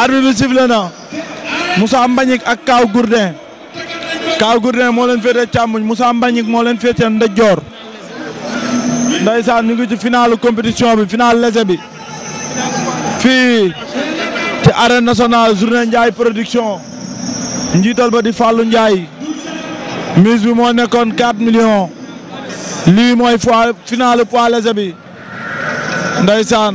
arbitre bi sifflé na Moussa Mbagnick ak Kaw Gourdin Kaw Gourdin moo leen féete càmmuñ Moussa Mbagnick moo leen féete ndeyjoor ndaysaan ñu ngi ci finalu compétition bi final lese bi fii ci arène nationale journée Ndiaye production njiital ba di Fallou Ndiaye mise bi moo nekkoon 4 millions lii mooy fois final poids lese bi ndaysaan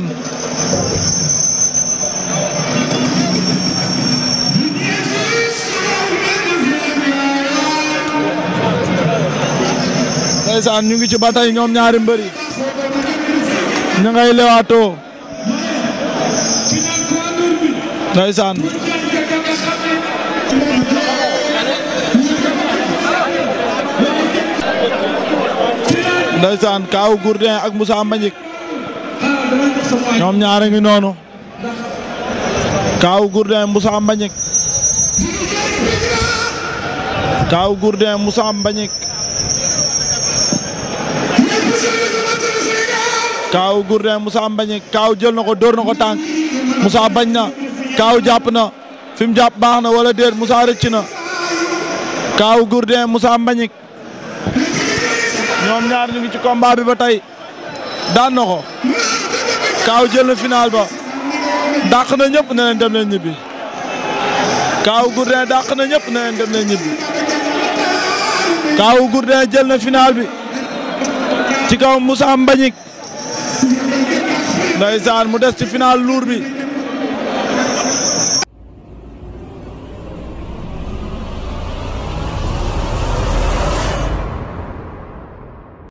ndeysaan ñu ngi ci ba tey ñoom ñaari mbër yi ñu ngay lewaatoo Kaaw Gourdin ak Moussa Mbagnick ñoom ñaari ngi noonu Kaaw Gourdin Moussa Mbagnick Kaaw Gourdin Moussa Mbagnick Kaaw Gourdin Moussa Mbagne Kaaw jël na ko dóor na ko tànk musa bañ na Kaaw jàpp na fi jàpp baax na wala déet musa rëcc na Kaaw Gourdin Moussa Mbagne ñoom ñaar ñu ngi ci combat bi ba tey daan na ko Kaaw jël na final ba dàq na ñëpp ne leen ñibbi Kaaw Gourdin dàq na ñëpp ne leen dem leen ñibbi Kaaw Gourdin jël na final bi ci kaw Moussa Mbagnick ndeysaan mu des ci final lourd bi